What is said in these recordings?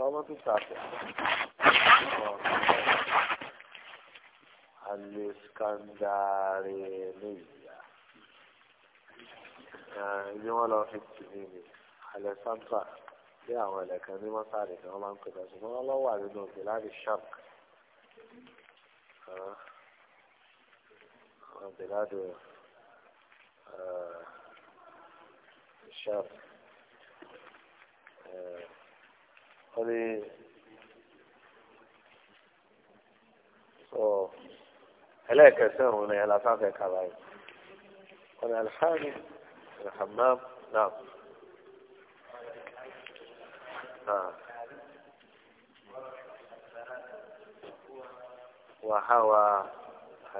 الصمد التاسع يعني جملة في التنين آه، على سمسة يا ولك صارت والله انقذ سبحان الله وعد بلاد الشرق بلاد آه. آه، الشرق wọ́n ní ẹlẹ́ẹ̀kẹsẹ̀ òun ni aláfáfẹ́ kàrà yìí wọ́n ní alhàmì alhàmàm náà. وهوى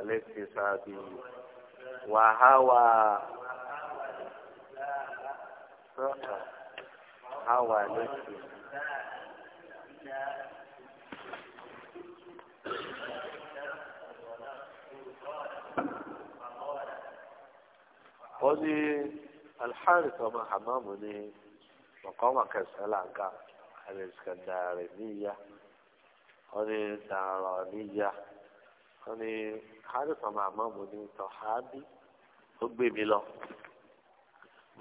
الاكتساب وهوى هوى الاكتساب ó ní alḥaris ọmọ hamamu ní mọ̀kànmá kẹsàlánká alẹ́sìkàndàrẹ̀ níyà ó ní dàrọ̀ níyà ó ní haris ọmọ hamamu ní tọ́hábí ó gbé mi lọ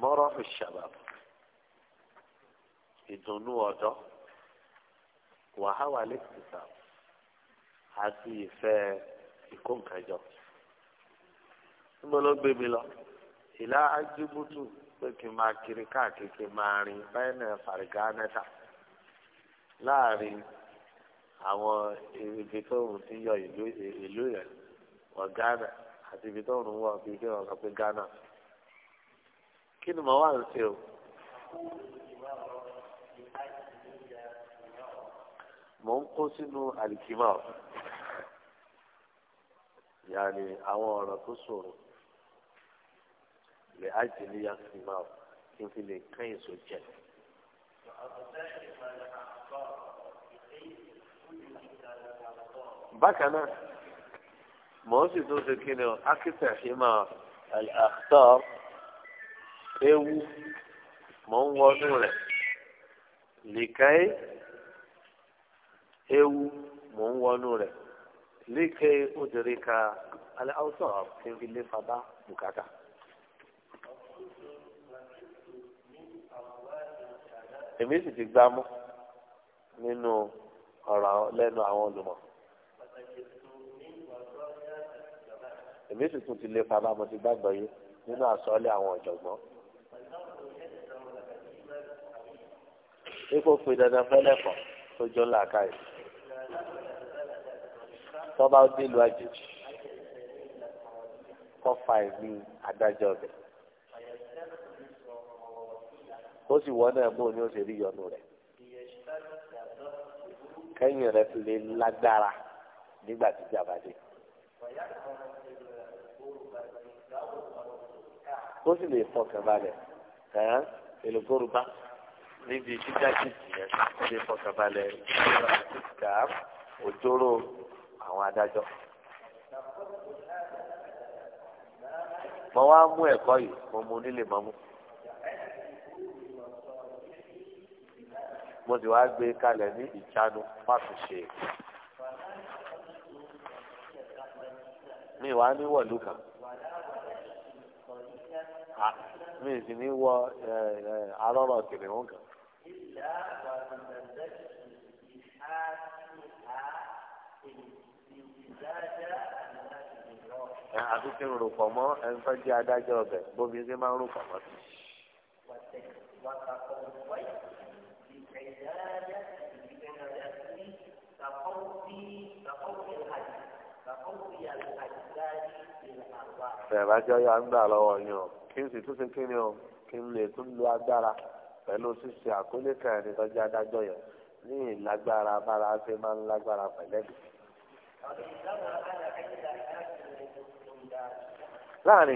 mọ́rọ́ fi ṣàbà ìdùnnú ọ̀dọ́ wàhálà lẹ́kìtìtà àti ìfẹ́ ìkóǹkájọ. níbo ló gbé mi lọ? ìlà ajibutu pé kí n máa kiri káàkiri kí n máa rin báyìí náà fàrígá nẹ́ta láàrin àwọn ibi tó ń ti yọ ìlú yẹn wọ Ghana àti ibi tó ń wọ bíi kí wọn kọ pé Ghana kí ni mo wá ń ṣe o. mo ń kó sínú àlìkímà yàrá àwọn ọ̀rọ̀ tó ṣòro lè ájì ní yàtì máa kí n fi lè kán èso jẹ. bákan náà mò ń sì tún ṣe kí ni ọ akíta ṣe máa àtọ ewu mò ń wọnú rẹ lìkẹ́ ewu mò ń wọnú rẹ lìkẹ́ ó ka alẹ́ haúsọ̀ kí n fi lè fa bá bùkátà. èmi sì ti gbámú nínú ọ̀rọ̀ lẹ́nu àwọn olùmọ̀ èmi sì tún ti lè fa bámu ti gbàgbọ́ yé nínú àsọ́ọ́lẹ̀ àwọn ọ̀jọ̀gbọ́n. ipò pè dandan fẹ́lẹ́kọ̀ tó jọ ńlá káyì tọ́ba ó dé ìlú àjèjì kọ́ fa ìgbín adájọ́ bẹ̀. kó sì wọ́n náà bó ni ó ṣe rí ìyọnu rẹ̀ kẹ́yìn rẹ̀ fi lè lágbára nígbà tí jàmbá dé. kó sì lè fọkàn balẹ̀ kàn èlò gbórùbá níbi jíjájì yẹn kó lè fọkàn balẹ̀ kà á òjòrò àwọn adájọ́. mo wá mú ẹ̀kọ́ yìí mo mú nílé mọ́mú. mo sì wáá gbé kalẹ̀ ní ìjánu fáfi ṣe mi wàá ní wọ̀lú kan mi sì ní wọ arọ́rọ̀ kìnìún kan. àti kí n rò pọ̀ mọ́ ẹni tó jẹ́ adájọ́ ọbẹ̀ bómi ṣe máa ń rò pọ̀ mọ́ sí. العبادة بمنازله كقول كقول الحج كقول الأجساد بالأرواح. Ìrìnàjò ya ń gbà lọ́wọ́ yín o, kí n sì tún ṣe kí ni o, kí n lè tún lo agbára pẹ̀lú ṣíṣe àkólé kan ẹni tọ́jú adájọ́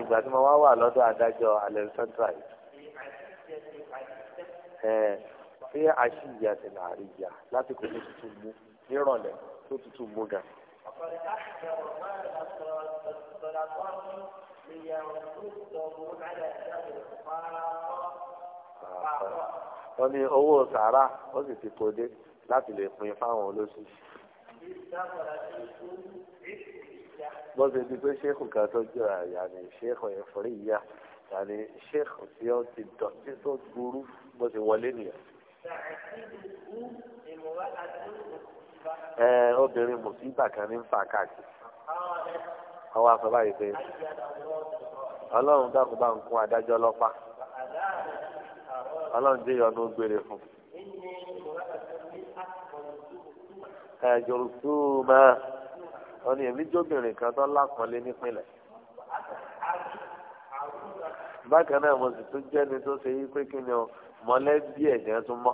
ìgbà tí mo wá wà lọ́dọ̀ adájọ́ fi àṣìyà tẹ̀lé àríyá lásìkò tó tutù mú nírọ̀lẹ́ tó tutù mú gan. wọ́n ní owó sàárà ó sì ti kó dé láti lè pín fáwọn olóṣù. bó ṣe di pé ṣéèkù kan tó jẹ́ àyà ni ṣéèkù ẹ̀fọ́rí yíyá yàní ṣéèkù tí ó ti dọ̀tí tó burú bó ṣe wọlé nìyẹn. ẹ obìnrin mùsíbà kan ní fà káàkiri ọwọ́ aṣọ báyìí pé ọlọ́run dákun bá adájọ́ ọlọ́pàá ọlọ́run jẹ́ gbére fún ẹ̀jọ̀rùsùn ọ ni èmi jóbìnrin kan tó lápọ̀lé bákan náà mo sì tún jẹ́ni tó ṣe yí pé kí ni o mọ̀lẹ́bí ẹ̀jẹ̀ tún mọ́.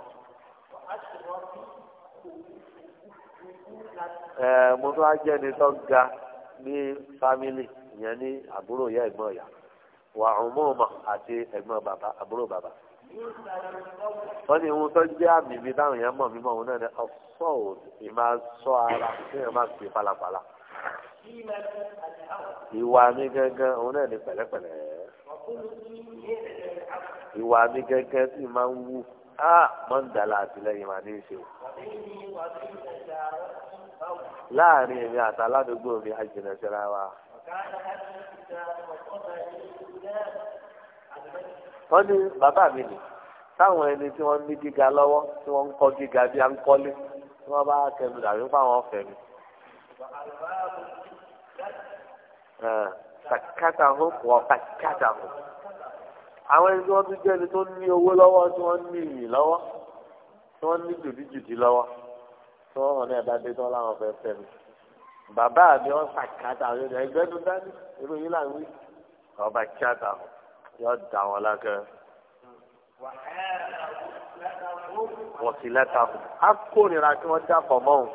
ẹ mo tún á jẹ́ni tó ga ní fámìlì ìyẹn ní àbúrò ìyá ẹ̀gbọ́n ìyá wà ọ̀mọ́ọ̀mọ́ àti ẹ̀gbọ́n bàbá àbúrò bàbá. wọ́n ní ohun tó jẹ́ àmì mi táwọn èèyàn mọ̀ mí mọ̀ òun náà ni ọ̀sọ́ ò ì máa sọ ara kí èèyàn máa pè falafala. ìwà mi gangan òun náà ni pẹ̀lẹ́pẹ̀lẹ́ ìwà mi gẹ́gẹ́ tí máa ń wú á máa ń dàlà àtìlẹ́yìn màá ní í ṣe. láàrin èmi àtàládùúgbò mi àjìnà síra wa. wọ́n ní bàbá mi nì táwọn ẹni tí wọ́n ní gíga lọ́wọ́ tí wọ́n ń kọ́ gíga bí à ń kọ́lé tí wọ́n bá kẹnu dàbí fáwọn ọ̀fẹ́ mi sàkátà hó wọ́n sàkátà hó. àwọn ẹni tí wọ́n tún jẹ́ ẹni tó ní owó lọ́wọ́ tí wọ́n ní ìyìn lọ́wọ́ tí wọ́n ní jùdíjùdí lọ́wọ́ tí wọ́n wọn náà bá dé tán láwọn fẹ́ fẹ́ mi. bàbá mi wọ́n sàkátà hó ẹgbẹ́ tó dání irú yìí là ń wí ọba kíátà hó yọ da wọn lákẹ́. wọ́n sì lẹ́ta hó á kórìíra kí wọ́n jápọ̀ mọ́ òun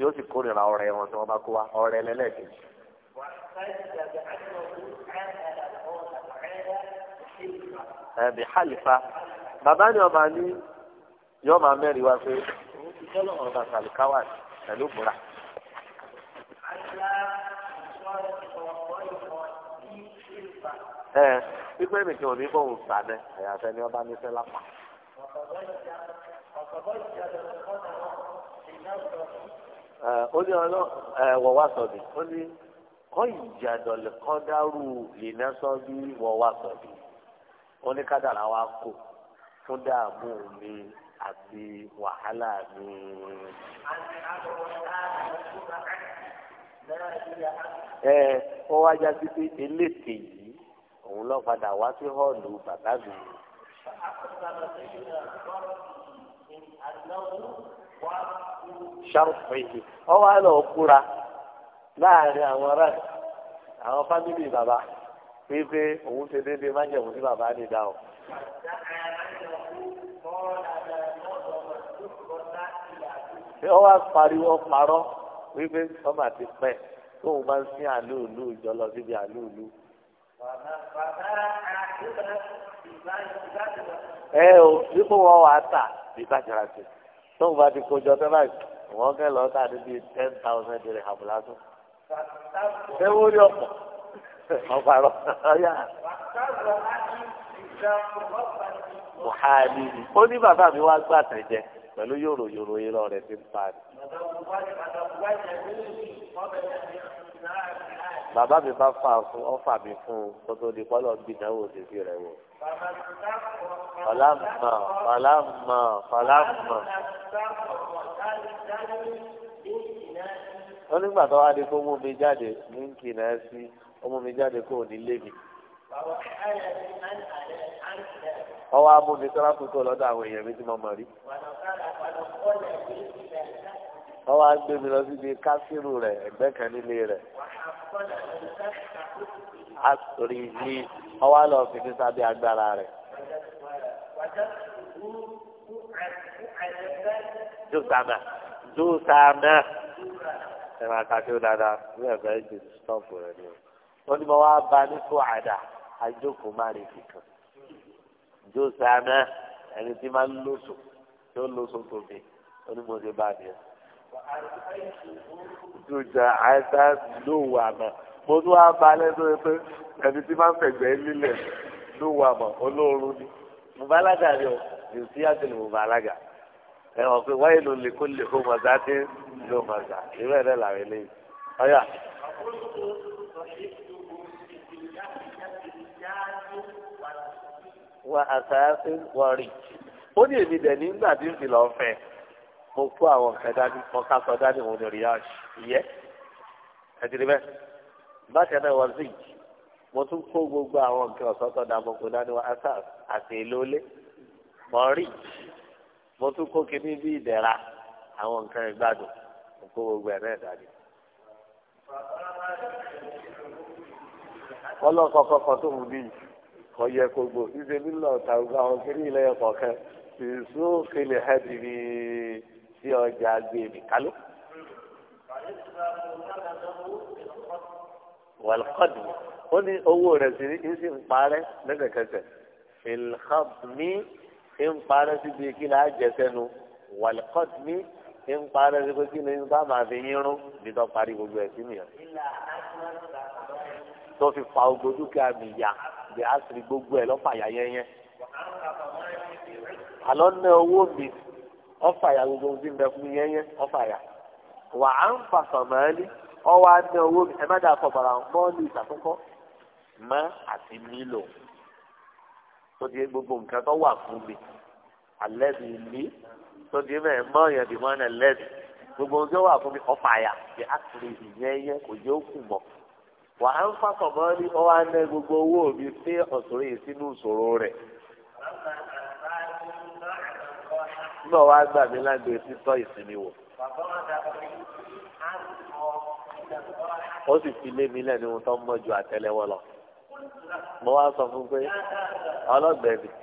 yóò sì kórìíra ọ̀rẹ́ wọn tí wọ́n bá kó wa ọ̀rẹ́ lẹ́lẹ́kejì. ẹbí eh, halifa bàbá ni ọba n'i yọọ ma mẹ́rin wá pé òun ti tọ́lọ̀ àlùkáwà pẹ̀lú bùrà. ẹ pípẹ́ nìkan ò ní bọ̀ òun sàdẹ ẹ̀yàfẹ́ ni ọba ní sẹ́lá pa. Eh, ó ní ọlọ́ ẹ̀ eh, wọ̀ wá sọ̀dí ó ní. kọ́ìjàdọ̀lẹ̀ kọ́dárù lè ná sọ́bí wọ́n sọ́bí wọ́n ní kádàrá wa kò fún dààmú mi àti wàhálà mi. ẹ ọ wá já sí pé eléte yìí òun lọ padà wá sí họ́ọ̀lù bàbá mi. láàrin àwọn ará àwọn fámìlì bàbá wípé òun ṣe déédéé májẹ̀mú sí bàbá lè dá o. ṣé ọ wá pariwo parọ́ wípé sọ́mà ti pẹ́ tóun bá ń sin àlúùlù ìjọ lọ síbi àlúùlù. ẹ ò dípò wọn wàá tà ìbájára sí tóun bá ti kojọ tẹ́lá wọ́n kẹ́ lọ́ọ́ tà níbi ten thousand dirham lásán ẹ wọ́n rí ọ̀pọ̀ ọ̀pọ̀ ọ̀yà. Mùhàlì ni ó ní bàbá mi wá gbà tẹ̀ jẹ pẹ̀lú yòrò yòrò irọ́ rẹ̀ ti ń pa ni. Bàbá mi bá fà fún ọ́fà mi fún un kó tó di pọ́lọ̀ gbìdánwò títí rẹ̀ wò. Fàlámà fàlámà fàlámà ó nígbà tó wá dé kó mú mi jáde ní nkìlá sí ó mú mi jáde kó ní lébi. ọwọ́ á mú mi sọ́ra kúkú lọ́dọ̀ àwọn èèyàn mi tí mo mọ̀ rí. ọwọ́ á gbé mi lọ síbi kásírù rẹ̀ ẹ̀gbẹ́ kan nílé rẹ̀. a rí ọwọ́ lọ fi ní sábẹ́ agbára rẹ̀ dosana dosana ẹ máa ka tó dáadáa ní ẹ̀fẹ́ ìdè stọ́ọ̀pù rẹ̀ ni o wọ́n ní mo wá ba ní kó àdá àjókòó má rí kíkan jósè amẹ́ ẹni tí máa ń lóso tí ó lóso tóbi ó ní mo ti bá a nìyẹn. jósè àìsà lówó àmọ́ mo tún wá ba lẹ́nu pé ẹni tí máa ń fẹ̀gbẹ́ lílẹ̀ lówó àmọ́ olóorun ni mo bá alága ni o yóò sí àtẹlẹ bá alága ẹ wọ́n pé wáyé ló lè kó lè kó mọ̀tà tí ló mọ̀tà ìwé rẹ̀ làwọn eléyìí ọ̀yà. wà á sáré wọ̀rì ó ní èmi dẹ̀ nígbà tí ń fi lọ́ọ́ fẹ́ mo kó àwọn nǹkan dání mo ká sọ dání òun ní riyaj ìyẹ́ ẹ ti rí bẹ́ẹ̀ bákan náà wọ́n sì mo tún kó gbogbo àwọn nǹkan ọ̀sán tó dá mo kó dání wá asas àti èlò ilé mọ́rìjì mo tún kó kinní bí ìdẹ̀ra àwọn nǹkan ìgbádùn mo kó gbogbo ẹ̀ náà dání. ọlọ́kọ̀ kọ̀ọ̀kan tó wù mí kọ̀ yẹ kó gbò ṣíṣe nílò tàrúgbà àwọn kiri ilẹ̀ kọ̀ọ̀kan ìṣó kele hẹ́ẹ̀dì sí ọjà gbèmí kálú. wàlúkọ́dù ó ní owó rẹ̀ sí ní sí parẹ́ lẹ́sẹ̀kẹsẹ̀ fìlhàbù ń parẹ́ síbi kí là á jẹ sẹ́nu wàlíkọ́t mi ń parẹ́ síbi kí ni bá máa fi yín rún nítorí parí gbogbo ẹ̀ sí nìyẹn. tó fi fa ogbó dúkìá mi yá bí a sì gbogbo ẹ̀ lọ́fà yá yẹ́yẹ́. àlọ́ ná owó mi ọ̀fà yá gbogbo ohun tí ń bẹ fún mi yẹ́yẹ́ ọ̀fà yá. wà á ń fa sọ̀mọ́lì ọwọ́ á tó di gbogbo nǹkan tó wà fún mi alẹ́bi mi tó di mẹ́ẹ̀ mọ́ yẹn bí wọ́n lẹ́bi gbogbo nǹkan wà fún mi ọ̀fà àyà bí àkùrẹ́ ìyẹn yẹn kò yẹ òkú mọ́ wà á ń fàtọ̀ mọ́ ní ọwọ́ aná gbogbo owó mi sí ọ̀sọ̀rọ̀ yìí sínú ìṣòro rẹ̀ náà wá gbà mí lágbo sísọ ìsinmi wò ó sì fi lé mi lẹ́nu tó mọ́jú àtẹ́lẹwọ́ lọ mo wá sọ fún pé ọlọ́gbẹ̀ẹ́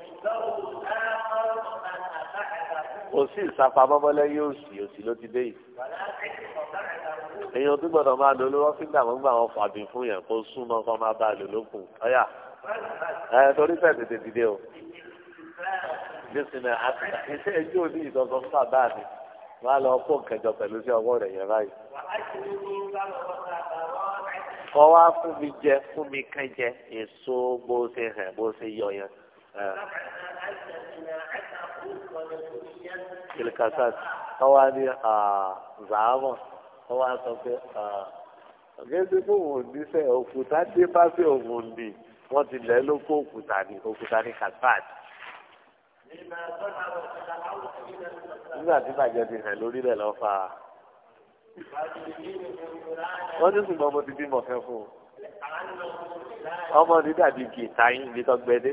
kò sí ìsapamọ́mọ́lẹ́ yóò sì òsì ló ti dé yìí èèyàn tó gbọ́dọ̀ máa lò lówó fígbà wọn gbà wọn fàbí fún yẹn kó súnmọ́ kó máa bá a lò lókun ọ̀yà ẹ torí fẹ́ tètè dìde o bísímẹ̀ àti iṣẹ́ ẹjọ́ òní ìdọ́gbọ́ fún bàbá mi wọ́n á lọ kó kẹjọ pẹ̀lú sí ọwọ́ rẹ̀ yẹn báyìí kọ́ wá fún mi jẹ fún mi kàn jẹ èso bó ṣe hàn bó ṣe yọ yẹn. kìlìkàsát wọ́n wá ní zàámọ̀ wọ́n wá sọ pé gẹ́gẹ́ bí òun níṣẹ́ òkúta dé bá fẹ́ òun nì wọ́n ti lẹ́ lóko òkúta ní òkúta ní kàsáàt. nígbà tí bàjẹ́ ti hàn lórílẹ̀ lọ́fà wọ́n ní ṣùgbọ́n mo ti bímọ fẹ́ fún un ọmọ ní dàbí gìtá yín ibi tó gbẹdé.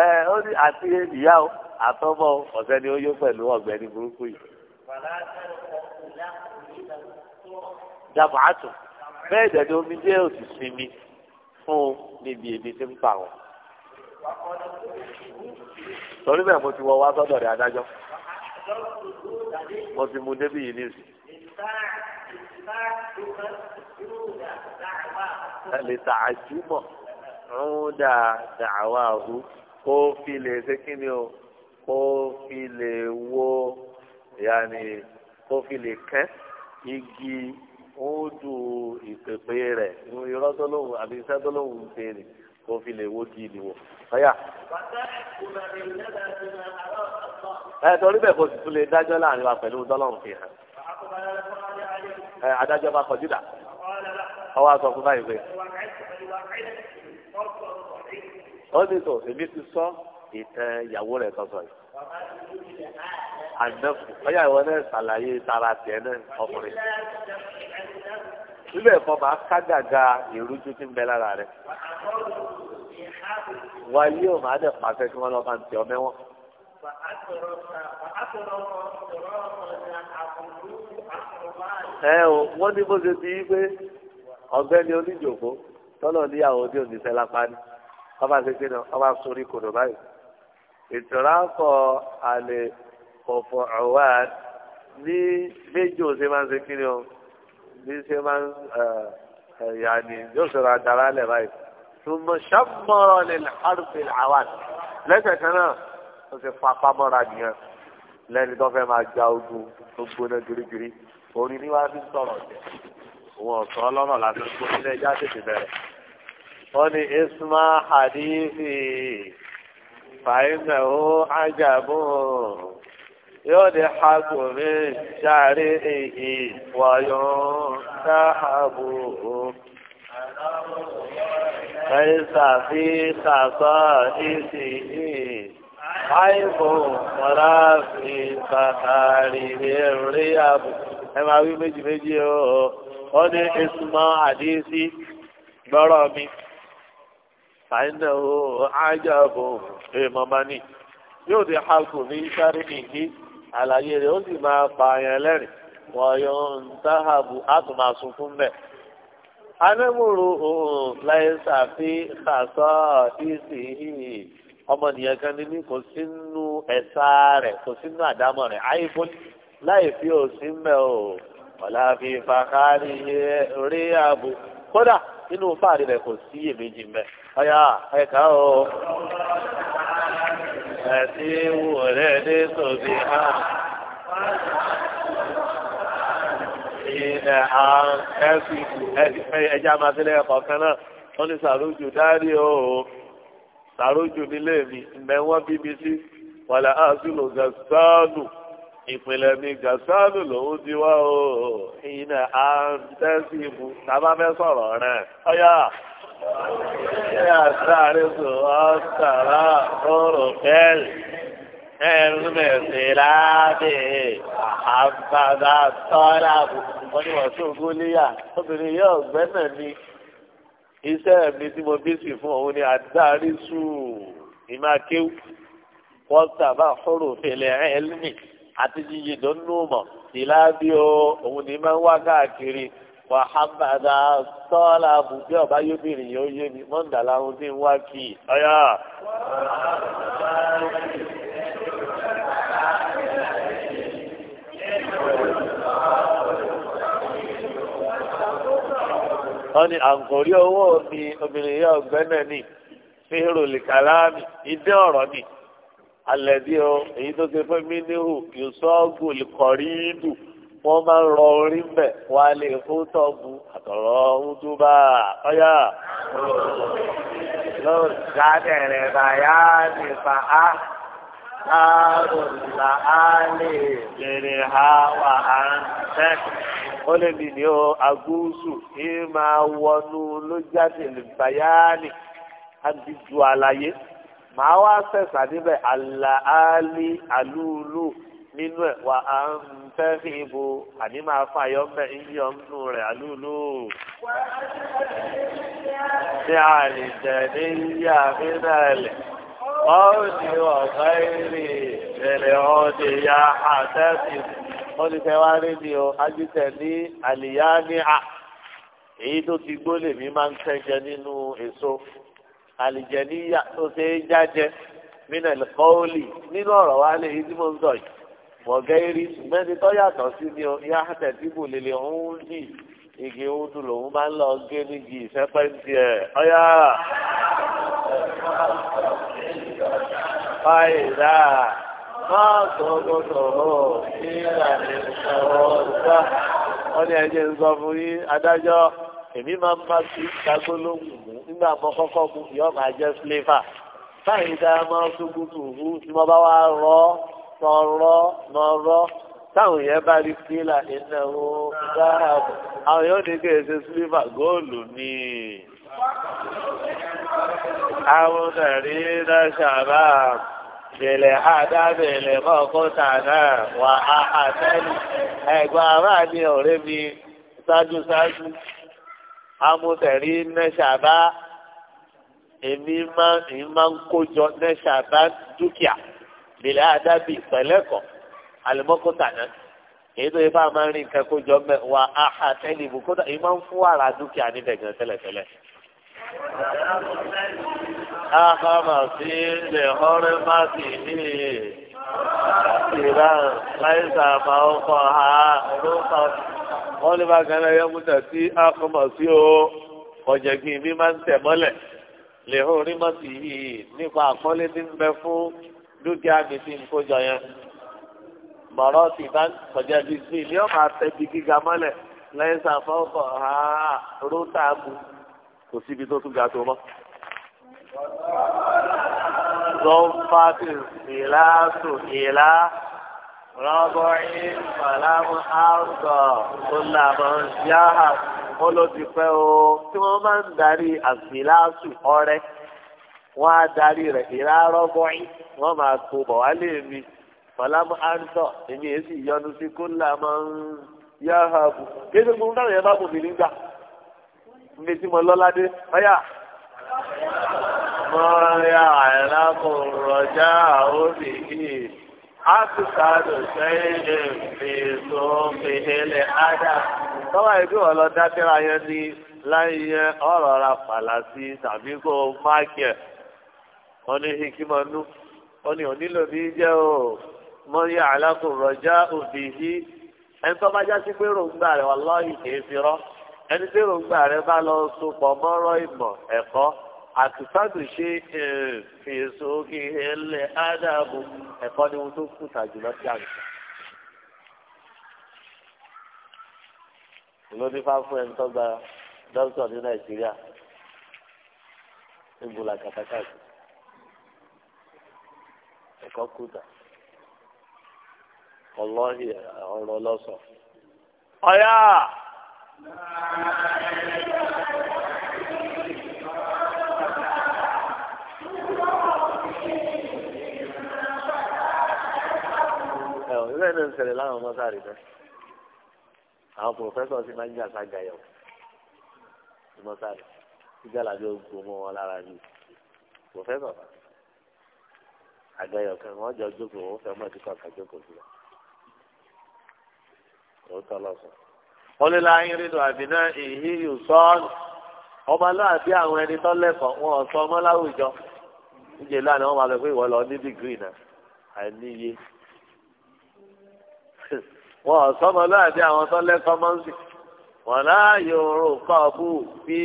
ẹ ó ní àti ìyá o àtọmọ ọ̀sẹ̀ ni ó yó pẹ̀lú ọ̀gbẹ́ni burúkú yìí. dàbàtò bẹ́ẹ̀ dẹ̀dẹ̀ omi jẹ́ òsì sinmi fún níbi èmi tí ń pa wọn torí bẹ́ẹ̀ mo ti wọ wá sọ́dọ̀ rẹ̀ adájọ́ mo ti mu débì yìí nísì. lè tààjúmọ̀ ń dà dàwa ahu kó fi lè ṣe kí ni o kó fi lè wo yàní kó fi lè kẹ́ igi ó dù ìpèpè rẹ̀ irọ́ tó lóhùn àbí iṣẹ́ tó lóhùn ń pè ní kó fi lè wo kí ni wò ẹ torí bẹ́ẹ̀ kò sì tún lè dájọ́ láàrin wa pẹ̀lú dọ́lọ́run fi hàn. ẹ adájọ́ bá kọjú dà ọwọ́ aṣọ fún báyìí pé. ó ní tó èmi ti sọ ìtàn ìyàwó rẹ̀ sọ̀sọ̀ yìí. àdéhùn ọyà ìwọ náà ṣàlàyé tara tiẹ̀ náà ọkùnrin níbẹ̀ kan máa ká gàga ìrújú tí ń bẹ lára rẹ̀ wá yóò máa dẹ̀ pàṣẹ kí wọ́n lọ bá ń tẹ ọ mẹ́wọ́n. ẹ o wọ́n ní bó ṣe ti yí pé ọ̀gbẹ́ni oníjòkó tọ́lọ̀ níyàwó ní òníṣẹ́ lápá ni ọba ṣe kí ni ọba sórí kòdò báyìí ìtọ́lákọ̀ àlè ọ̀fọ̀ ọ̀wá ní méjì ó ṣe máa ṣe kí o bí ṣe máa ń ẹ̀yà ni yóò sọ̀rọ̀ àdàrà lẹ̀ báyìí ṣùgbọ́n ṣàmọ́rọ̀ lè lárúbí àwọn lẹ́sẹ̀ kan náà ó ti fa pamọ́ra nìyẹn lẹ́ni tó fẹ́ máa ja ogun tó gbóná girigiri orin ni wàá fi sọ̀rọ̀ jẹ́ òun ọ̀sán ọlọ́rọ̀ láti kó nílẹ̀ ẹja tètè bẹ̀rẹ̀ wọ́n ní isma hadithi fàyínà ó ájàbọ̀n yóò lè ha gòmí sáré èyí wàyọ̀ sáhàbù kẹsà fi sàtọ́ ìsìnkú àìbò mọ́ra fi kàkàrí rí àbù ẹ máa wí méjì méjì o wọ́n ní ìsúnmọ́ àdísí mi fàínà o ájàbò èèmọ̀ yóò lè ha gòmí sáré èyí àlàyé rẹ̀ ó sì máa pa àyàn lẹ́rìn wọ̀nyọ̀ ntáhàbù àtùmásùn fún bẹ́ẹ̀. anẹ́mùrù òun láyé sàfi kàṣọ́ ìsìnyí ọmọnìyàn kan ní kò sínú ẹ̀sà rẹ̀ kò sínú àdámọ̀ rẹ̀ àyíkó láì fi òsì mẹ́ o ọ̀la fi fàkàrí rí ààbò kódà nínú fáàrí rẹ̀ kò sí iyèméjì mẹ́ ọ̀yà ẹ̀ka o. àti ewu rẹ̀ dé tòbí ha. Ìnà àwọn ẹ̀sìn ẹja máa fi náà, wọ́n ní sàrójù dárí o, sàrójù nílé mi, ìmẹ̀ wọ́n bí sí, wàlà àásùlù gàsánù, ìpìlẹ̀ mi gàsánù ti wá o, ìnà àwọn ẹ̀sìn ìbù, fẹ́ sọ̀rọ̀ rẹ̀, ọ̀yà. ṣé àtàrísù ọ̀sàrà ọ̀rọ̀ bẹ́ẹ̀lì ẹ̀rù mẹ̀sẹ̀ láàbẹ̀ àbàdà tọ́lá wọ́n ní wọ́n tún gúlíyà obìnrin yóò gbẹ́nà ni iṣẹ́ mi tí mo bí sí fún òun ni àdárísù ìmákéwù wọ́n sábà ọ̀rọ̀ fẹlẹ̀ ẹ̀lmì àti jíjìn tó nù mọ̀ ìlàbí o òun ni máa ń wá káàkiri muhammad sọ́ọ́lá àbùdé ọ̀bá yóbìnrin yóò yé mi mọ́ńdà làwọn tí ń wá kì í. ọ̀yà. wọ́n ní àǹkórí owó mi obìnrin yóò gbẹ́nà ní fíhìrò lìkàlámì ìdí ọ̀rọ̀ ni alẹ́ bí o èyí tó ṣe fún mi níhù yóò sọ́ọ́gù lìkọ̀rí dùn wọ́n máa ń rọ orí mbẹ̀ wá lè fún tọ́ọ̀bù àtọ̀rọ̀ ọ̀húndúbà ọ̀yà. lọ́wọ́ dáadẹ̀rẹ̀ bàyá ti fà á láàrùnlá á lè bèrè ha wà á ń tẹ́. ó lè bì ní o agúúsù kí máa wọnú lójáde bàyáàni àdìjú àlàyé màá wá sẹ̀sà níbẹ̀ àlàálí àlúlù nínú ẹ̀ wà á ń fẹ́ fi ibo àní máa fa ayọ́ mbẹ́ iye ọ̀nù rẹ̀ àlúlù. ní àlìjẹ ní yíyá fínàlẹ̀ ọ̀ọ́dì ọ̀gá ìrì ìrẹ̀lẹ̀ ọ̀ọ́dì ya àtẹ́sì ọ̀nìfẹ́ wa rí ni o ajíṣẹ́ ní àlìyá ní à èyí tó ti gbólè mi máa ń tẹ́jẹ nínú èso àlìjẹ níyà tó ṣe é jájẹ mínà lẹ́kọ́ọ́lì nínú ọ̀rọ̀ wa lè yí tí mo ń sọ yìí mọ̀gẹ́rì ṣùgbọ́n ẹni tó yàtọ̀ sí ni yá tẹ̀síbù lélẹ̀ òun ní igi òdu lòun máa ń lọ gé nígi ìfẹ́pẹ́ntì ẹ̀ ọ̀yà. fàyèdà máa sọ̀rọ̀sọ̀rọ̀ sí ìlànà ìṣòro ọ̀dọ́. wọ́n ní ẹ̀jẹ̀ ń sọ fún yín adájọ́ èmi máa ń bá sí ìdágbólóhùn mú nígbà mọ́ kọ́kọ́ mú yọ́ọ̀ máa jẹ́ flavour. fàyèdà máa ń sókútù mú tí wọ́n bá wá rọ́ ọ́ sọ̀rọ̀ nọ̀rọ̀ táwọn èèyàn bá rí fílà iná o dáàbò àwọn èèyàn ní kéèyàn ṣe sílífà góòlù ni. àwọn nàrí náà ṣàbá bẹ̀lẹ̀ àdá bẹ̀lẹ̀ mọ́kútà náà wà á àtẹ́lù ẹ̀gbọ́n àbá ni ọ̀rẹ́ mi ṣáájú ṣáájú amútẹ̀rí náà ṣàbá èmi máa ń kó jọ náà ṣàbá dúkìá bìlẹ̀ àdábì pẹ̀lẹ́kọ̀ àlùmọ́kọ́tà náà èyí tó yẹ bá a máa ń rí nǹkan kó jọ mẹ́ wà á hà tẹ́lẹ̀ ìbò kódà èyí máa ń fún wàrà dúkìá níbẹ̀ gan tẹ́lẹ̀tẹ́lẹ̀. àkàmà sí ilẹ̀ ọ̀rẹ́ má sì ní ìran láìsà máa ń fọ ha ló fà wọ́n lè máa gánà yọ múta sí àkàmà sí o ọ̀jẹ̀gbìn mi máa ń tẹ̀ mọ́lẹ̀ lè hó rí má sì nípa àpọ́nlé tí bẹ fún dúkìá mi sí nkójọ yẹn mọ̀rọ́ ti bá kọjá bí sí ni ó máa tẹ́ bí gíga mọ́lẹ̀ lẹ́yìn sàfọ́kọ̀ ha rótà mu kò síbi tó tún ga tó mọ́. Zọ́nfàtì ìlà tù ìlà rọ́bọ̀ ìfàlámù àrùkọ̀ tó làmọ̀ yáhà ó ló ti pẹ́ o tí wọ́n máa ń darí àgbìlásù ọrẹ́. wọ́n á darí rẹ̀ ìrà rọ́bọ̀ọ́yì wọ́n máa kó bọ̀ wá lé mi fọlámù àǹtọ̀ èmi yẹn sì yọnu sí máa ń yá ha bù kéde gbogbo náà yẹn bá bò nígbà mi tí mo lọ́ládé ọ̀yà. mọ́ríà rọjá òbí yìí sẹ́yìn tó fi tọ́wọ́ wọn lọ dá onu ní hikimanu onu ní onílò bíi jẹ́ o mọ́yá alákùnrọ̀já òbí yìí ẹni tó bá já sí pé rògbà rẹ̀ wà lọ́yìn kìí fi rọ́ ẹni tí rògbà rẹ̀ bá lọ sopọ̀ mọ́rọ̀ ìmọ̀ ẹ̀kọ́ àtìfádù ṣe fèsò kí ẹlẹ́ ádàbò ẹ̀kọ́ ni tó kù tàjù lọ sí àgbà. la kàtàkàtà. ẹ̀kọ́ kúta ọlọ́hì ọ̀rọ̀ lọ́sọ̀. ọ̀yá. ẹ ò ìwé ẹni ń ṣẹlẹ̀ láwọn ọmọ sáré náà àwọn pòfẹ́sọ̀ sì máa ń jà sága yẹ̀wò ọmọ sáré ìjà làbí ogun wọn lára ní pòfẹ́sọ̀ náà. àgbẹ̀yọ̀ kan wọ́n jọ jókòó wọ́n fẹ́ mọ̀ dípò àká jókòó sílẹ̀ òótọ́ lọ́sàn. wọ́n lé láyé nínú àbínà ìhí ìsọ́ọ̀nù ọmọ aláàbí àwọn ẹni tó lẹ́kọ̀ọ́ wọn ọ̀sọ́ ọmọ láwùjọ níjẹ́ lánàá wọn máa lọ pé ìwọ lọ ní dìgírì náà àìníye wọn ọ̀sọ́ ọmọ aláàbí àwọn tó lẹ́kọ̀ọ́ máa ń wọn láàyò kọ́ọ̀bù bí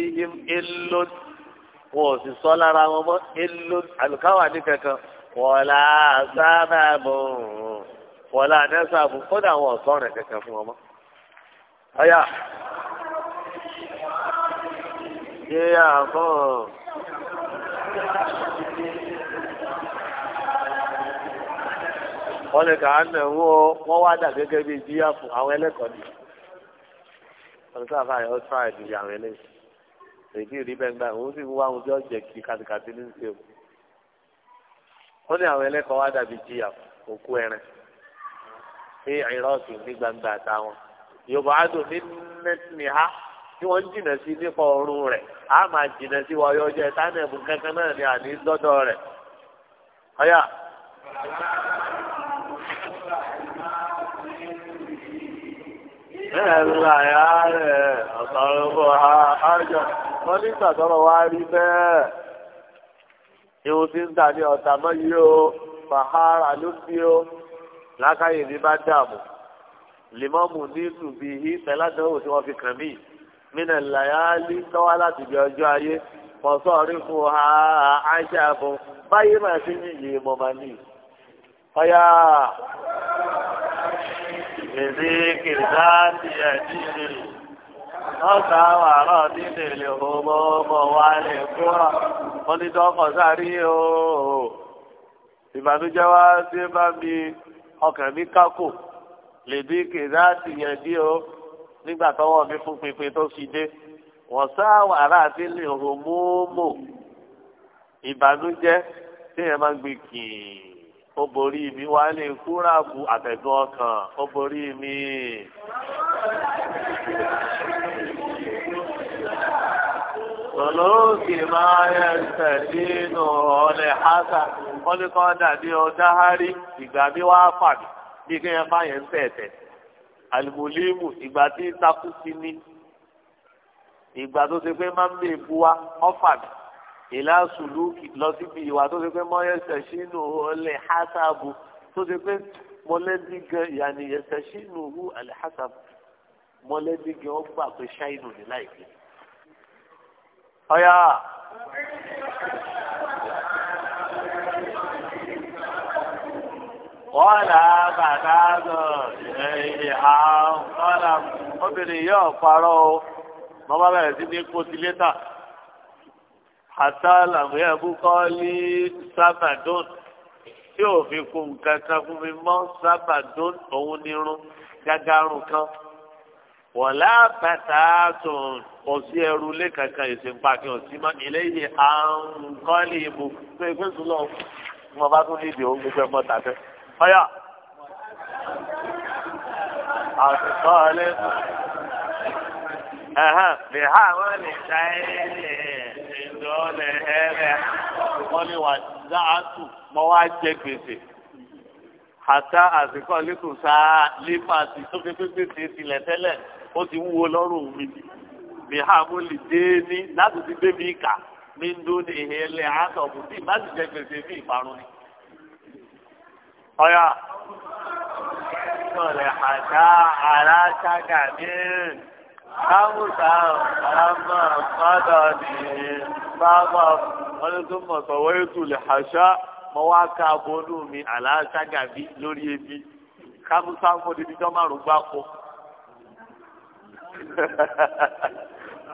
wọn ò sì sọ lára wọn mọ́ wọ́lá sábàbò wọ́lá nẹ́sàbò kódà àwọn ọ̀sán kẹ̀kẹ́ fún ọmọ. ọ̀yà ṣé àbọ̀ wọ́n lè kà á nà ń wọ́ wọ́n wá dà gẹ́gẹ́ bíi jíyà fún àwọn ẹlẹ́kọ̀ọ́ ni ọ̀sán sáfà yẹn ó ẹlẹ́sìn èdè ìrí òun sì wá ohun tí ó jẹ́ kí kàtìkàtì ní í ó ní àwọn ẹlẹ́kọ̀ọ́ wá dàbí jìyà òkú ẹran ní ìrọ́ọ̀kì ní gbangba àtàwọn yorùbá àdùn ní nẹ́tìníhá tí wọ́n jìnà sí nípa ọ̀run rẹ̀ á máa jìnà sí wọ́n yọjọ́ tánẹ̀bù kankan náà ni àní rẹ̀ ọ̀yà. àyà rẹ̀ ọ̀sán bọ̀ ha wọ́n nígbà wá rí bẹ́ẹ̀. ìhun tí ń tà ní ọ̀tà mọ́ yìí o fàhárà ló sí o lákàyè mi bá dààmú lèmọ́mù ní tùbí yìí pẹ̀ládánwò tí wọ́n fi kàn mí mínà làyálí tọ́wá láti bí ọjọ́ ayé pọ̀sọ́ rí fún ha àṣà fún báyé máa fi ní iye mọ́ máa ní. ọ̀yà èdè kìrìtà ti ẹ̀ ní ìṣèlú ọ̀sà wàrọ̀ nílé lè hó mọ́ wá lè kúrọ̀ wọ́n ní tọkọ̀ sáré o ìbànújẹ́ wá sí bá mi ọkàn mi kákò lè dín kìdá sì yẹn dí o nígbà tọwọ́ mi fún pinpin tó fi dé wọ́n sá nílé hó mọ́ ìbànújẹ́ tí yẹn máa gbé kìí ó borí mi wá lè kúrà bu àtẹ̀gùn ọkàn ó borí mi. sòlóòkì máa yẹ tẹ̀lé nù ọ̀lẹ̀ hásà wọ́n ní kọ́ dàbí ọ̀dáhárí ìgbà mi wá fà mí bí kéèyàn bá yẹn tẹ̀tẹ̀ àlùmọ́lẹ́mù ìgbà tí takú sí ni ìgbà tó ṣe pé máa ń bè bu wa ọ̀fà mi ìlà sùlùkì lọ síbi ìwà tó ṣe pé mọ́yẹ́sẹ̀ sínú ọ̀lẹ̀ hásáàbù tó ṣe pé mọ́lẹ́bí gan ìyànnìyẹsẹ̀ sínú ọ̀lẹ̀ hásáàbù mọ́lẹ́bí gan ọgbà pé ṣáínù ní láìpẹ́ ọ̀yà. wọ́lá bàtàzọ̀ ẹ̀yìn àwọn wọ́lá obìnrin yóò parọ́ o wọ́n bá bẹ̀rẹ̀ sí ní kó ti létà àtàlàmù ẹ̀bú kọ́lí sábàdún tí òfin kún kankan fún mi mọ́ sábàdún òun nírun gágárùn kan wọ̀lá bàtà tó kò sí ẹrú lé kankan ìsìnpá kí o sí mọ́ ilé yìí à ń kọ́ lè mú pé gbèsè lọ mo bá tún nídìí òun gbogbo ẹ̀mọ́ tàbẹ́. ọ̀yà àtúntò ọ̀lẹ́ bí ha wọ́n lè ṣá ẹ̀ ẹ̀dọ́ lẹ̀ ẹ̀rẹ̀ wọ́n lè wà dáàtú mọ́ wá jẹ gbèsè àtà àsìkò lẹ́kùn sáà lípa àti tó fi pépé ti tilẹ̀ tẹ́lẹ̀. ó ti wúwo lọ́rùn mi mi ha mo lè dé ní láti ti gbé mi kà mi ń dún ní ìhẹ́lẹ̀ àtọ̀kù tí má sì jẹ gbèsè mi ìparun ni. ọ̀yà sọ̀rọ̀ àdá ara ṣága káwùsà ọ̀pọ̀ nkwado ní bábọ̀ ọlọ́dúnmọ̀ sọ̀wọ́ ètò lè àṣà mọ wá ká mi ebi káwùsà jọ́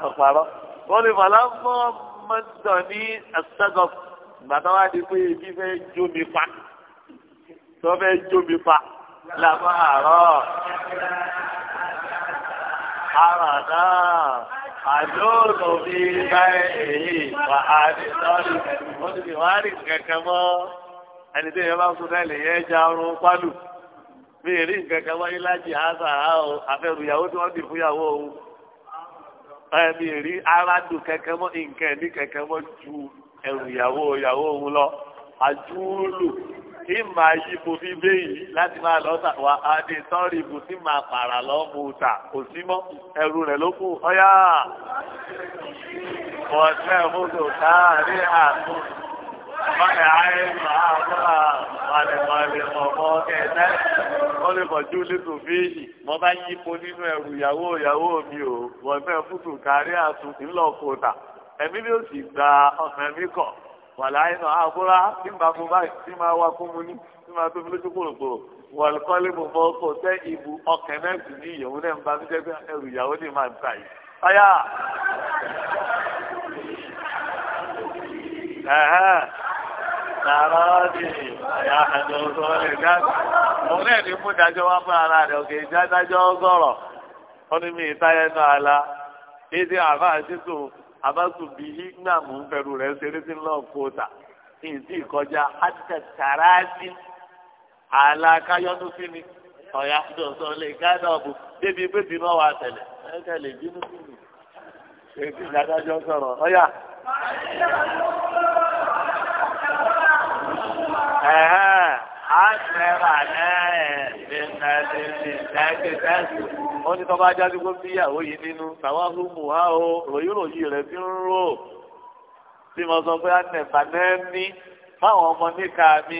ọ̀pàrọ̀ wọ́n lè fàlà mọ́ mọ́tò ní ẹ̀sẹ̀gọ̀ gbàtà di pé ebi fẹ́ jó mi pa tó fẹ́ jó mi pa làbọ̀ àárọ̀ àrọ̀ náà àdóòtò bí báyìí èyí wà á ní sọ́ọ̀lì wọ́n ti fi wá rí kankan mọ́ ẹni tó yẹ bá sọ náà lè yẹ ẹja ọrùn pálù mi rí nǹkan kan wáyé lájì àṣà àhó àfẹrùyàwó tí wọ́n dì fúyàwó òun mi rí arádùn kankan mọ́ nǹkan ẹ̀mí kankan mọ́ ju ẹrù ìyàwó ìyàwó òun lọ àjúrúlù kí màá yí mo fi béyìí láti máa lọ tà wá adé sọ́ọ̀rì ibù tí màá pààrà lọ mo tà kò sí mọ́ ẹrù rẹ̀ ló kù ọ̀yà ọ̀sẹ̀ mọ́tò káàrí àtún báyà áyé màá bá balẹ̀balẹ̀ ọ̀mọ́ kẹ̀ẹ́dẹ́gbẹ̀ẹ́ wọ́n lè bọ̀jú lẹ́tọ̀ fèèyì mo bá yípo nínú ẹrù ìyàwó ìyàwó mi o wọ́n fẹ́ fútù kárí àtúntì ńlọ kóòtà ẹ̀mí ni ó sì gba ọ̀sán mi kọ̀ wàlá iná àbúrá tí màá mú báyìí tí màá wá fún mu ní tí màá tó fi lójú kúròkúrò wọ́n kọ́ lé mo fọ́ kó tẹ́ ibu ọkàn náà sì ní ìyẹ̀wò náà ń bá mi jẹ́ pé ẹrù ìyàwó ni màá ń ta yìí. ọ̀yà ẹ̀hẹ́ tààrà ọ̀dì òun náà ní mú ìdájọ́ wá fún ara rẹ̀ òkè ìdájọ́ ọgọ́rọ̀ ó ní mi ìtayẹ náà ala èdè àbá àṣìṣò àbáṣù bí nígbà mò ń fẹrù rẹ̀ ṣeré sí lọ́ọ̀ kóòtà ìdí ìkọjá àtẹ tàràdì àlàkáyọ́nú sí ni ọ̀yà lè débi pé tí náà wà bínú sí mi ìdájọ́ sọ̀rọ̀ àtẹ̀rà ẹ̀ẹ́dẹ̀ẹ́dẹ̀ẹ́dẹ̀ẹ́dẹ̀ẹ́dẹ̀ wọ́n ní tọ́ba ajá dígbó bí ìyàwó yìí nínú tàwa rúmù wá o ròyìnròyìn rẹ̀ ti ń rò tí mo sọ pé àtẹ̀fà náà ní fáwọn ọmọ níka mi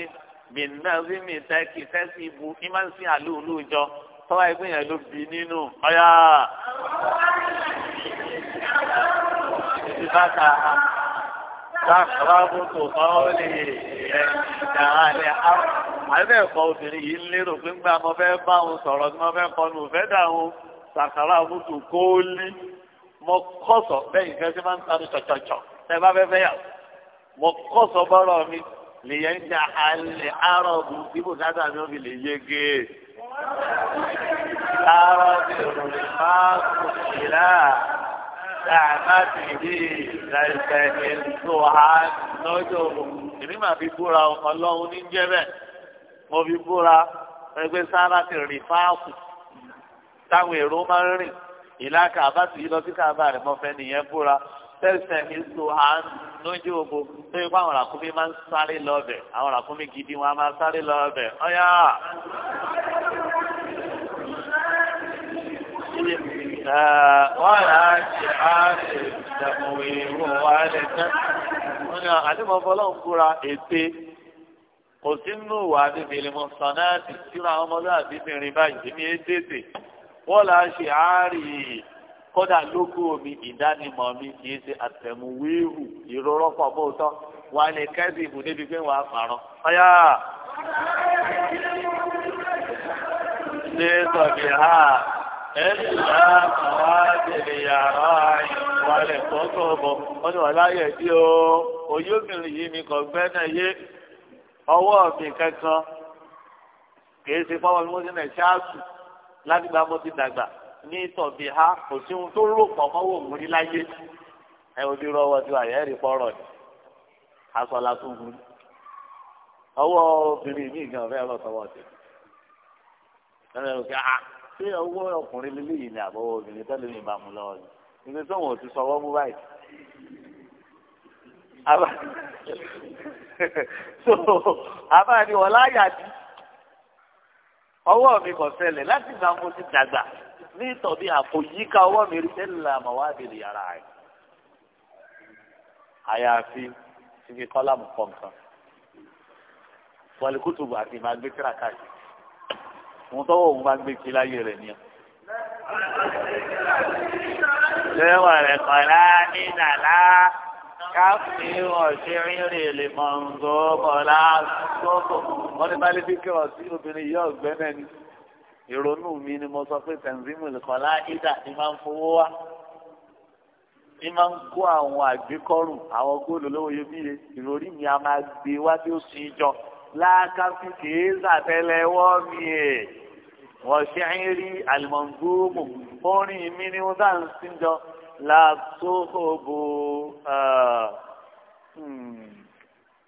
mìnàzí mi tẹ́kì tẹ́sí ibu ní máa ń sin àlúùlù jọ tọ́ba ẹgbẹ́ yẹn ló bí nínú ọ̀yà. ìbáta dáhùn rábùtù ọ́ọ́lì ẹ̀ẹ́dẹ̀ẹ́dẹ̀ àbẹ́ ẹ̀kọ́ obìnrin yìí ń lérò pé ńgbà mo fẹ́ bá òun sọ̀rọ̀ tí mo fẹ́ kọ́ ní òfẹ́ dà òun sàkàrà àbútù kóólí mo kọ́sọ̀ bẹ́yìn fẹ́ sí máa ń sáré tsọ̀tsọ̀tsọ̀ ẹ bá fẹ́ fẹ́ yà mo kọ́sọ̀ bọ́rọ̀ mi lè yẹn ń jà àlè àrọ̀bù ibò dáadáa mi ò fi lè yege àrọ̀bù ìròyìn máa kò sí náà àmàtìdì ìlànà ìlú àánú lọ́jọ́ òun èmi máa fi búra ọlọ́run ní jẹ́ bẹ́ẹ̀ mo fi búra ẹgbẹ́ sára ti rìn fáàkù táwọn èrò máa ń rìn ìlàkà àbáṣe yìí lọ sí káàbà rẹ̀ mọ́ fẹ́ nìyẹn búra tẹ̀sẹ̀ èso àánújú òbò tó ipá àwọn ràkúnmí máa ń sáré lọ́bẹ̀ àwọn ràkúnmí gidi wọn a máa sáré lọ́bẹ̀ ọ̀yà. wọ́n ṣe á ṣe ìdààmú ìwọ̀n wa ẹ̀ lẹ́sẹ̀. wọ́n ní àdìmọ̀ ète kò sí nínú ìwà àbíbìrì mọ sọnáàtì síra àwọn ọmọdé àbíbìrin báyìí ní ètètè wọn là á ṣe àárì kódà lókù omi ìdánimọ̀ mi kì í ṣe àtẹ̀múwéhù ìrọ̀rọ̀ pọ̀ bóòtọ́ wà lè kẹ́sì ìbò débi pé wà á pààrọ̀. ọ̀yà ṣe sọ̀bì ha ẹ̀sì náà wà á tẹ̀lé yàrá ìwà rẹ̀ tọ́tọ̀ bọ̀ wọ́n ní wà bí o òyìnbìnrin yìí ni kò gbẹ́ náà yé ọwọ́ mi kankan kì í ṣe pọ́wọ́ mi mo ti nà ṣáàtù ládìgbà mo ti dàgbà ní tọ̀bí ha kò sí ohun tó rò pọ̀ mọ́wọ́ òun rí láyé ẹ ò ní rọwọ́ ju àyẹ́ rí pọ́rọ̀ ni aṣọ lásán wù ọwọ́ obìnrin mi gan fẹ́ lọ sọ́wọ́ sí ẹ ẹ ò kí a ṣé ọwọ́ ọkùnrin lílé yìí ni àbọ̀wọ́ obìnrin tẹ́lẹ̀ mi bá mu lọ́wọ́ ni ìgbésẹ̀ ò ti sọ ọwọ́ mú báyìí so àbá ni wọ́n láyà ní ọwọ́ mi kò ṣẹlẹ̀ láti gbà mo ti dàgbà ní ìtọ̀bí àfòyíká ọwọ́ mi rí tẹ́lẹ̀ la mà wá dèrè yàrá rẹ̀ àyàfi síbi kọ́lá mu pọ̀ nǹkan wàlíkùtù àti máa gbé tíra káàkiri òun tọ́wọ́ òun máa gbé kí láyé rẹ̀ nìyẹn. lẹ́wọ̀n rẹ̀ kọ́lá ní nàlá káfí ọ̀ṣẹ́ rírì lè mọ̀ ǹgọ́ bọ̀lá gbogbo wọn ní báyìí fi kẹ́wọ̀ sí obìnrin yìí ọ̀gbẹ́ náà ni ìrònú mi ni mo sọ pé tẹ̀síìmù ìkọlá ìdá ni máa ń fowó wá ní máa ń kó àwọn àgbékọ́rùn àwọn góòlù lówó iyebíye ìròrí mi a máa gbé wá tí ó sì í jọ láàkàfí kìí sàtẹ́lẹwọ́ mi ẹ̀ wọ́n ṣe ń rí àlùmọ̀ǹgóòmù orin mi ni wọ́n bá ń sí jọ làtòhòbò uh, hmm,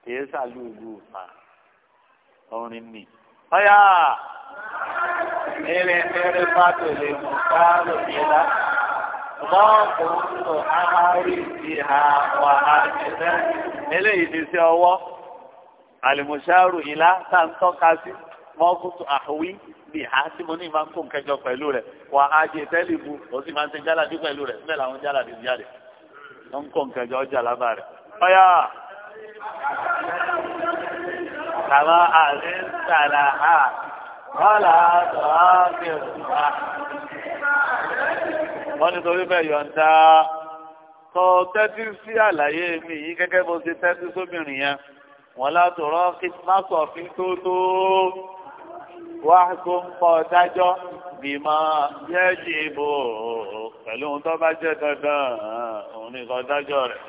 kìí sàlùbù mà ọrin mi. ọ̀yà ẹ̀rẹ̀ ẹ̀rẹ̀ pàtó lè mú káàlù yẹlá lọ́ọ̀kùnrin àhárí ti ha wà á jẹ́ eléyìí ti ṣe ọwọ́ àlùmọ̀ṣáàrù ìlà tá à ń tọ́ka sí mọ́kútù àhùwí bí ha tí mo ní máa ń kó nkẹjọ pẹ̀lú rẹ̀ wà á jẹ tẹ́lẹ̀ bu ó sì máa ń ṣe jálàbí pẹ̀lú rẹ̀ bẹ́ẹ̀ làwọn jálàbí ń jáde ló ń kó nkẹjọ ọjà lábà rẹ̀. ọ̀yà kàmá àlẹ́ sàlà ha wàlà àtọ̀rọ̀ àgbẹ̀ òkúta. wọ́n ní torí bẹ́ẹ̀ yọ̀ǹda kọ́ tẹ́tí sí àlàyé mi yìí gẹ́gẹ́ bó ṣe tẹ́tí sóbìnrin yẹn wọ́n látọ̀rọ̀ kí má sọ̀ fi tó tó wàhùkùn pọ̀ dájọ́ bímọ yẹ́jì bò pẹ̀lú ohun tó bá jẹ́ dandan òun ní kan dájọ́ rẹ̀.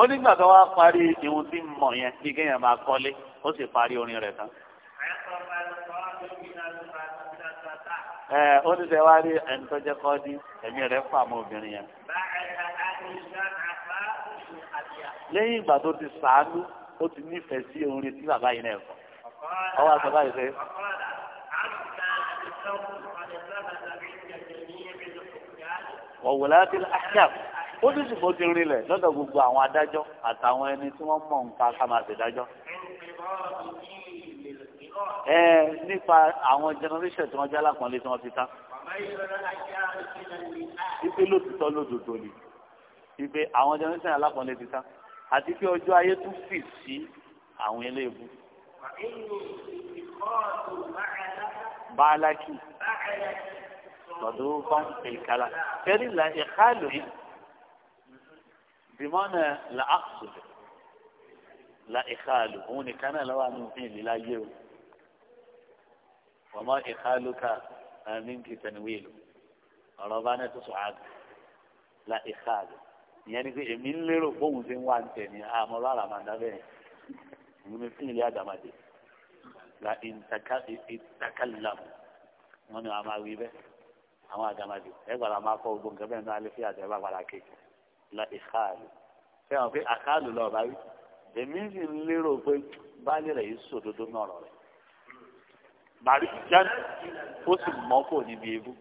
ó nígbà tó wá parí ihun tí ń mọ̀ yẹn bí kéèyàn máa kọ́lé ó sì parí orin rẹ̀ tán. ó ní sẹ́wárí ẹni tó jẹ́ kọ́ dín ẹ̀mí rẹ̀ fà mọ́ obìnrin yẹn. lẹ́yìn ìgbà tó ti sàánú ó ti nífẹ̀ẹ́ sí orin tí bàbá yìí náà kọ ọwọ́ àtọ́ báyìí fẹ́. ọ̀wọ̀lá ti àṣà ó ní ṣùgbọ́n ti rinlẹ̀ lọ́dọ̀ gbogbo àwọn adájọ́ àtàwọn ẹni tí wọ́n mọ̀ nípa kàmáṣe dájọ́. ẹ nípa àwọn generation tí wọ́n jẹ́ alákùnrin tí wọ́n ti tán. ipe lótìtọ́ lódodo ni ipe àwọn generation alákùnrin ti tán àti pé ọjọ́ ayé tún fì sí àwọn eléèbú. báàlákì lọ́dọ̀ fún ìkàlà kẹ́rì là ìkàlù yìí bímọ́nà là áṣùlẹ̀ là ìkàlù òun nìkan náà lọ́wọ́ àmì òfin ìlera yé o wọ́n mọ ìkàlù ká àmì kìtàníwìlù ọ̀rọ̀ bá náà tó sọ̀ àgbà là ìkàlù ìyẹn ni pé èmi ń lérò bóun ṣe ń wá ń tẹ̀ ní àmọ́ rárá màá dábẹ́ ìlú mi fún ilé àdàmàdè la ìtakàlám wọn ni wọn máa wí bẹ́ẹ̀ àwọn àdàmàdè ẹ gbọ́dọ̀ máa kọ́ ogun kẹ́fẹ́ ní alẹ́ fi àtẹ̀wá padà ké la ìkàlù fẹ́ràn pé àkàlù lọ́ọ̀ bá wí èmi sì ń lérò pé baálé rẹ̀ yìí sòdodo náà rọ̀ rẹ̀ bàrí jẹ́ ó sì mọ́kò níbi ebú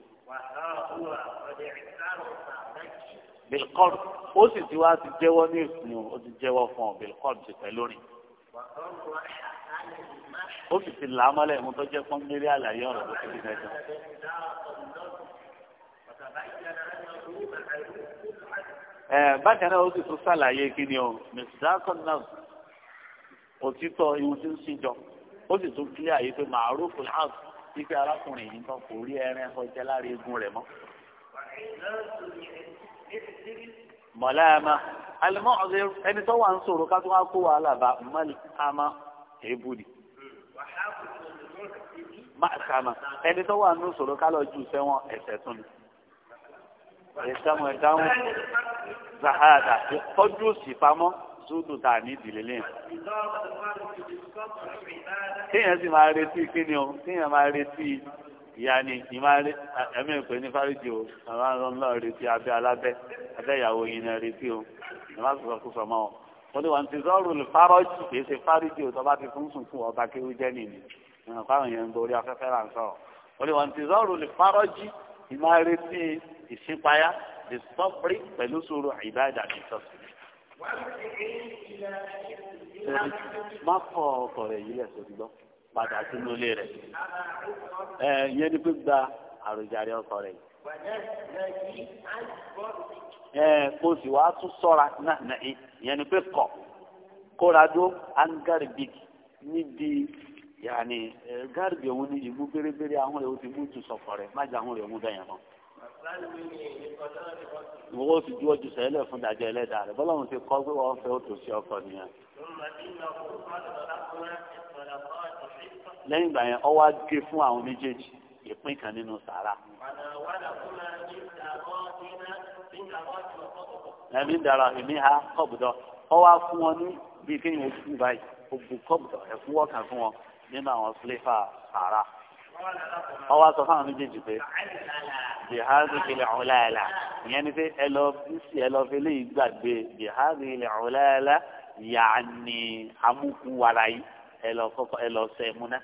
bilkọ́ọ̀dù ó sì ti wá ti jẹ́wọ́ ní ìsìn ó ti jẹ́wọ́ fún ọ bilkọ́ọ̀dù ti pẹ̀lú rìn. ó sì ti là á mọ́lẹ̀ mo tó jẹ́ fún mírí àlàyé ọ̀rọ̀ tó ti dẹ́jọ́. bákan náà ó sì tún ṣàlàyé kí o mr náà òtítọ́ ihun tí ń ṣíjọ ó sì tún kílẹ̀ àyè pé màrúfù house wípé arákùnrin yìí kan kò rí ẹran ọjọ́ lára eegun rẹ̀ mọ́ mọ̀láyàmá alimọ́ọ̀dé ẹni tó wà ń sọ̀rọ̀ ká tó wá kó wàhálà bá mọ́láyàmá èébù ni. máàkàmá ẹni tó wà ń sọ̀rọ̀ ká lọ jù sẹ́wọ̀n ẹ̀sẹ̀ tún ni. ìsẹ́mu ẹ̀dáhùn zahada tọ́jú òsì pamọ́ zúdù tá a ní ìdílé lẹ́yìn. kéèyàn sì máa retí kíni o kéèyàn máa retí ìyá ni ìmáre ẹ̀mí ìpè ní fáríjì o àwọn arán náà retí abẹ́ alábẹ́ abẹ́ ìyàwó yìí náà retí o ẹ̀ má sọ̀rọ̀ kúsọ̀ mọ́ wọn. wọ́n ní wọn ti zọ́ọ̀rù fárọ́jì kì í ṣe fáríjì o tó bá ti fún sùn fún ọba kéwú jẹ́ nìyí ìrìn fáwọn yẹn ń borí afẹ́fẹ́ là ń sọ̀rọ̀. wọ́n ní wọn ti zọ́ọ̀rù fárọ́jì ìmáre sí ìṣípayá ìsọ́pẹ́rì pẹ̀lú sùúrù ìbáàdà ìsọ̀sì padà sínú rẹ̀ ẹ ni pé gba àròjàre ọkọ rẹ̀ ẹ kó sì wá tún sọ́ra náà yẹn ni pé níbi yàní òun ni àwọn èèyàn ti mú tún má àwọn èèyàn mú ju ọjọ́ sẹ́lẹ̀ fún rẹ̀ ti kọ́ pé wọ́n fẹ́ sí lẹ́yìn ìgbà yẹn ọwọ́ gé fún àwọn méjèèjì ìpín kan nínú sàrà. ẹ̀mí dara èmi ha kọ́bùdọ̀ ọwọ́ á fún wọn ní bíi kéèyàn ojú báyìí òbú kọ́bùdọ̀ ẹ̀fún wọ́ọ̀kà fún wọn nínú àwọn sílẹ̀fà sàrà. ọwọ́ sọ fún àwọn méjèèjì pé bihari kele ọ̀làlà ìyẹn ni pé ẹ lọ bísí ẹ lọ fi léyìí gbàgbé bihari kele ọ̀làlà yàní amúkú wàrà yìí ẹ lọ kọ́kọ́ ẹ lọ sẹ múná.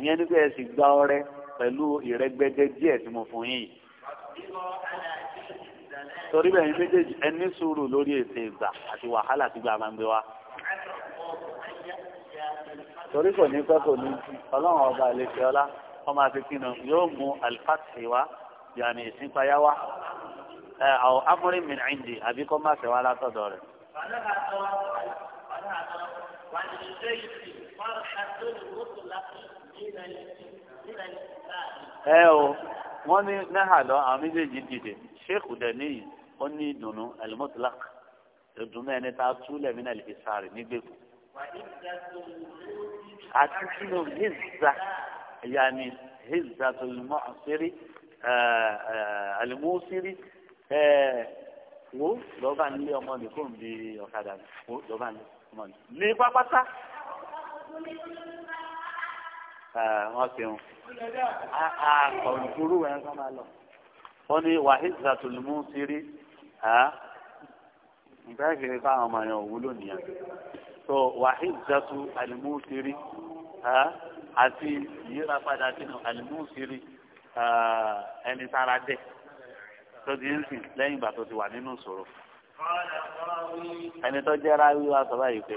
ìyẹn ní pé ẹ sì gba ọrẹ pẹ̀lú ìrẹ́gbẹ́jẹ́ díẹ̀ tí mo fún yín yìí. torí bẹ́ẹ̀ ni méjèèjì ẹ ní sùúrù lórí ètè ìgbà àti wàhálà tí gbà máa ń gbé wa. torí kò ní pẹ́ kò ní jù ọlọ́run ọba àlejò ọlá wọ́n máa fi kínu yóò mú alifásitì wa yàní ìsìnpáyà wa àwọn amúrí mìíràn ìdí àbíkọ́ máa fẹ́ wa látọ̀dọ̀ rẹ̀ ẹ o wọn ní nahadọ àwọn méjèèjì dìde sheikh dani ó ní ìdùnnú elmotlak ìdùnnú ẹni tá a túlẹ̀ mí náà lè fi sáré nígbèkú àti sínú hizza yanni hizza tó lè mọ àṣírí alimusiri wo lọ́ba nílé ọmọ nìkan bíi ọ̀kadà wo lọ́ba nílé ní pápátá wọ́n ti ń àkọ̀ǹkúrú ẹ̀ kọ́ máa lọ. wọ́n ní wàhíza tùlùmù ti rí nǹkan kiri fáwọn ọmọ yẹn òwúlò nìyẹn so wàhíza tù àlùmù ti rí àti ìyíra padà sínú àlùmù ti rí ẹni tára dẹ̀ tó ti ń sìn lẹ́yìn ìgbà tó ti wà nínú ìṣòro. kọ́lá kọ́lá wí ẹni tó jẹ́ ráwí wa sọ báyìí pé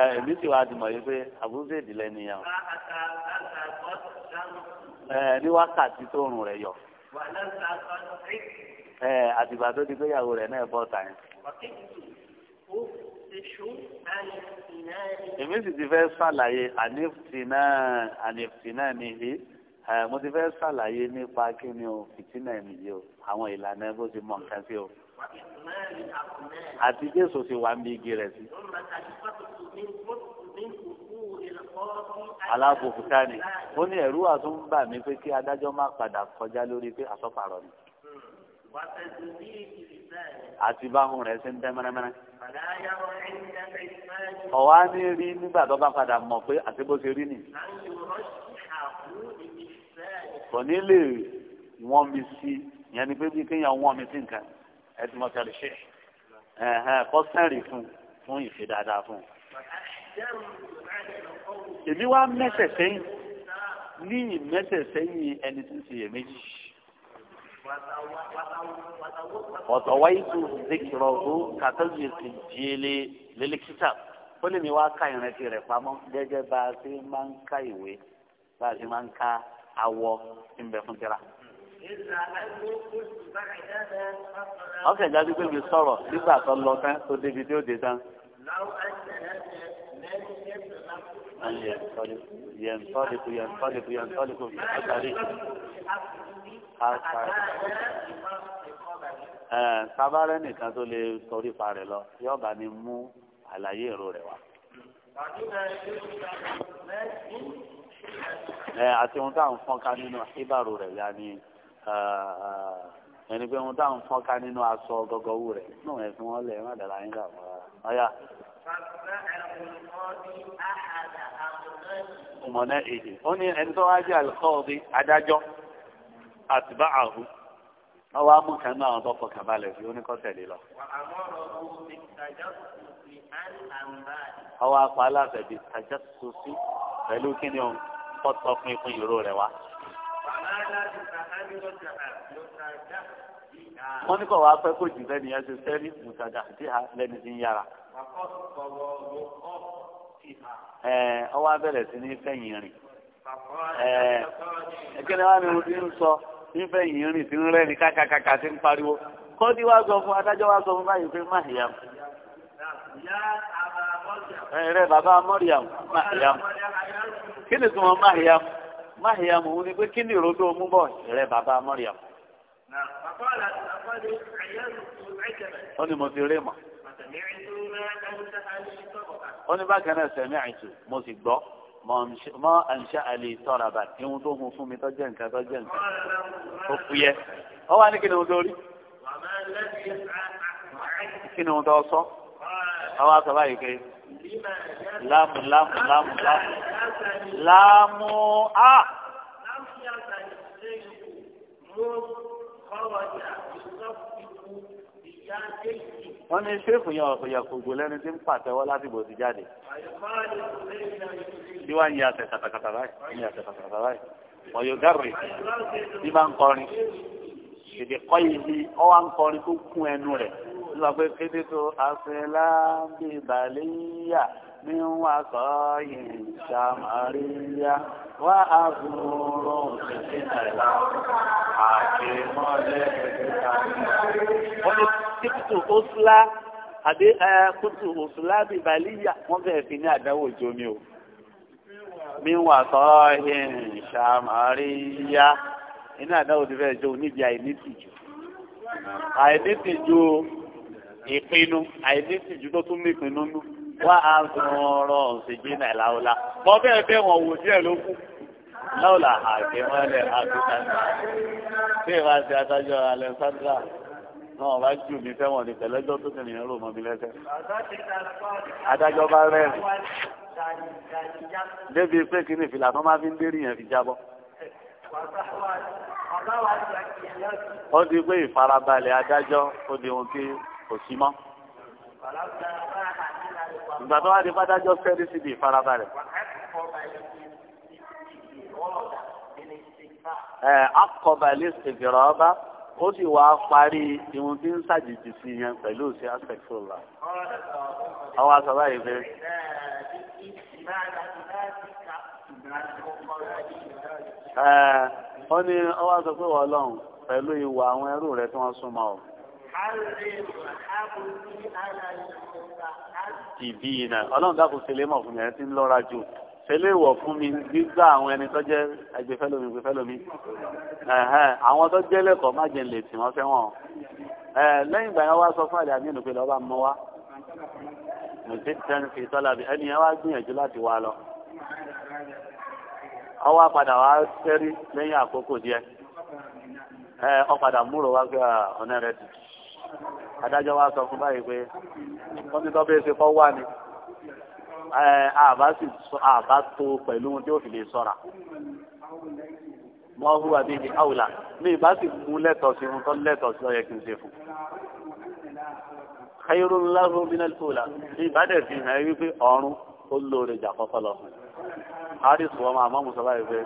ẹ èmi sì wá ti mọ̀ yìí pé àbúrò ìdílé nìyẹn o ẹ ní wákàtí tó rùn rẹ̀ yọ ẹ àtìgbà tó di péyàwó rẹ̀ náà bọ́ ta yẹn. èmi sì ti fẹ́ ṣàlàyé àníftìnà àníftìnà nìyí mo ti fẹ́ ṣàlàyé nípa kí ni o fìtínà mi yìí o àwọn ìlànà bó ti mọ nǹkan sí o àti jésù sì wà ń bí igi rẹ̀ sí. alábòkúta ni ó ní ẹ̀rú àtúnbà mi pé kí adájọ́ má padà kọjá lórí pé àsọ́pàrọ̀ ni àti báhùn rẹ̀ ṣe ń tẹ́ mẹ́rẹ́mẹ́rẹ́. ọ̀wá ní rí nígbà tó bá padà mọ̀ pé àti bó ṣe rí nì. kò ní lè wọ́n mi sí ìyẹn ni pé bí kéèyàn wọ́n mi sí nǹkan ẹ̀dùnmọ̀tàlì ṣe kọ́sẹ́rì fún fún ìṣe dáadáa fún un. èmi wá mẹ́sẹ̀ sẹ́yìn ní ìmẹ́sẹ̀ sẹ́yìn ẹni tó ń ṣe iyèméjì. ọ̀tọ̀wá ètò ìdíkìrọ̀ ọ̀hún kàtọ́jú ti jíele lélẹ́kítà ó lè mi wá ka ìrìnàjò rẹ̀ pamọ́ gẹ́gẹ́ bá a ṣe máa ń ka ìwé bá a ṣe máa ń ka awọ ìmbẹ̀fúntẹ́ra ọkẹ jáde pé mi sọ̀rọ̀ nígbà tó lọ tán tó débi tí ó dé tán. ينطلق ينطلق ينطلق في أثره sábàárẹ̀ nìkan tó lè torí pa rẹ̀ lọ yóò bá ní mú àlàyé èrò rẹ̀ wá. àti ohun tá à ń fọ́nká nínú ìbàrò rẹ̀ ya ni. Ah, ẹni pé wọn táwọn fọ́nká nínú aṣọ gọgọwù rẹ̀ náà ẹ fi wọn lẹ̀ ẹ dàrá yín kà wọ́n rárá. ọ̀yà. ọmọdé èyí ó ní ẹni tó wá jẹ́ alikọ́ọ̀dì adájọ́ àtibá àhù wọ́n wá náà àwọn fọkàn balẹ̀ sí oníkọ́tẹ̀lé lọ. ọwọ́ apá aláṣẹ bíi tajásùsì pẹ̀lú kíni o kọ́ tọpinpin ìró rẹ̀ wá. wọ́n ní kọ́ wàá pẹ́ kó jù lẹ́nu yẹn ṣe sẹ́ni ha lẹ́nu ti ń yára. ọ wá bẹ̀rẹ̀ sí ní fẹ̀yìn rìn. ẹ̀kẹ́ni wá ní ohun ń sọ ní fẹ̀yìn rìn tí ń rẹ́ni kákàkàkà sọ fún adájọ́ wá sọ fún báyìí pé má bàbá má kí ni má máhìyà mò ń ní pé kí ni ìròdó mú bọ̀ rẹ bàbá mọ́ríàm. ó ní mo ti rí mọ̀. ó ní bákan náà sẹ̀mí àìsù mo sì gbọ́ mọ àǹṣà àlè tọ́ra bá ihun tó hun fún mi tó nǹkan tó jẹ́ nǹkan tó fúyẹ́ ọ wá ní kí ni mo tó rí. kí ni mo tó sọ ọ wá sọ báyìí pé lámù lámù lámù lámù láàmú á. wọ́n ní sẹ́ẹ̀fù yẹn ọ̀pọ̀ yẹ kògbó lẹ́nu tí ń pàtẹ́wọ́ láti bò ti jáde. bí wàá ń yà sẹ̀ kàtàkàtà báyìí ń yà sẹ̀ kàtàkàtà báyìí wọ́n yóò dárò yìí bí máa ń kọrin èdè kọ́ yìí bí ọ wá ń kọrin tó kún ẹnu rẹ̀ ló wà pé kéde tó àfẹ́lá bíi bàlẹ́yà. من وقاي سمرية وأبور فتنة حكيم wọ́n ti kùtù òṣùlá àbí kùtù òṣùlá bíi bàlíyà wọ́n fẹ́ẹ́ fi ní àdáwò jomi o. mi wà sọ́ọ́hìn ṣàmárìyá iná àdáwò ti fẹ́ẹ́ jó níbi àìnítìjú àìnítìjú ìpinnu àìnítìjú tó tún ní ìpinnu nù wá àgọ́rọ̀ ṣèjì náà láwùlá mọ bẹ́ẹ̀ bẹ́ẹ̀ wọ́n wò díẹ̀ ló kù láwùlá àgbẹ̀mọ́lẹ̀ àgbẹ̀sánná ṣé ìwà ṣe adájọ́ alẹ́sandra náà bá jù mí fẹ́wọ̀n ní pẹ̀lẹ́jọ́ tó tẹ̀lé yẹn rò mọ́ mi lẹ́sẹ̀. adájọ́ bá rẹ́ẹ̀rì débi pé kí ni ìfìlà tó máa fi ń dérí yẹn fi jábọ́. ó di pé ìfarabalẹ̀ adájọ́ ó di ohun tí kò sí mọ́. ìgbà tó wá di pátájọ́ sẹ́rí síbi ìfarabalẹ̀. akọbalẹ̀ ṣègbèrè ọba ó sì wá parí ìwọ̀n tí ń ṣàjèjì sí yẹn pẹ̀lú sí aspectola. àwọn aṣọ báyìí pé. ó ní ọwọ́ sọ pé wọ́n lọ́hùn pẹ̀lú ìwà àwọn ẹrú rẹ̀ tí wọ́n súnmọ́ ìbíyìnà ọlọ́run dákun ṣẹlẹ̀ mọ̀ fún mi ẹni tí ń lọ́ra jù ṣẹlẹ̀ wọ̀ fún mi gbígbà àwọn ẹni tó jẹ́ ẹgbẹ́fẹ́lómi ẹgbẹ́fẹ́lómi àwọn tó jẹ́ lẹ́kọ̀ọ́ má jẹun lè tì wọ́n fẹ́wọ̀n lẹ́yìn ìgbà yẹn wá sọ fún àlẹ́ àmínú pé lọ́ba mọ́ wá mùsùlùmí tẹ́ni fi tọ́lá bí ẹni yẹn wá gbìyànjú láti wá lọ ọwọ́ padà wá sẹ́rí lẹ́yìn àkókò díẹ̀ ọ padà múrò wá gbé ọ̀nà rẹ̀ tutù adájọ́ wa sọ fún báyìí pé wọ́n ti tọ́ bẹ́ẹ̀ ṣe fọ́ wà ní àbá sì àbá tó pẹ̀lú ohun tí ó fi lè sọ́ra wọ́n hùwà bí i àwùlà ní ìbá sì mú lẹ́tọ̀ọ́ sí ohun tó lẹ́tọ̀ọ́ sí ọyẹ kí n ṣe fún kẹyìrú ńlá ló bí náà tóla ní ìbá fi hàn wípé ọ̀run ó lóore jà kọ́kọ́ lọ fún àárísù ọmọ àmọ́ mùsọ̀lá ìfẹ́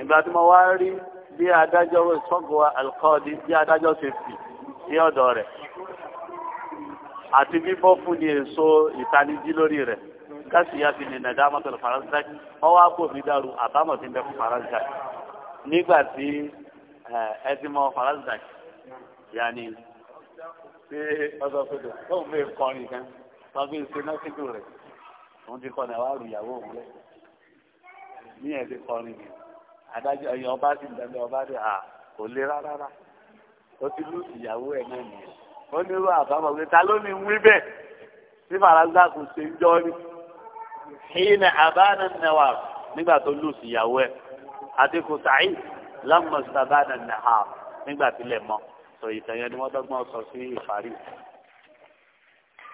ìgbà tí mo wá rí bí adájọ́ sọ́gọ́ alkọ́ọ̀dì bí adájọ́ ṣe fì sí ọ̀dọ̀ rẹ̀ àti bíbọ́ fún n'i èso ìtanijí lórí rẹ̀ ya fi nìyẹn dá mọ́tò faransé wọ́n wá bò mí dàrú àbámọ̀ tí ń bẹ fún faransé nígbà tí eh, ẹ ti mọ faransé ni ṣé ọ̀dọ̀ fèdè tóun fẹ́ kọrin kan wọn fi ń ṣe nọ́sídùú rẹ̀ òun ti kọ́ ní àwọn àrùyàwó òun ní ó ti lù ìyàwó ẹ̀ náà nìyẹn ó ní irú àbámọ̀ pé ta ló ní wí bẹ́ẹ̀ tí fàràǹdà kò ṣe ń jọ́ ni hìnà àbáná nàwà nígbà tó lù ìyàwó ẹ̀ àti kò sàáyì lámọ̀ sàbáná nàhà nígbà tilẹ̀ mọ́ sọ ìtàn yẹn ni wọ́n dọ́gbọ́n sọ sí ìparí.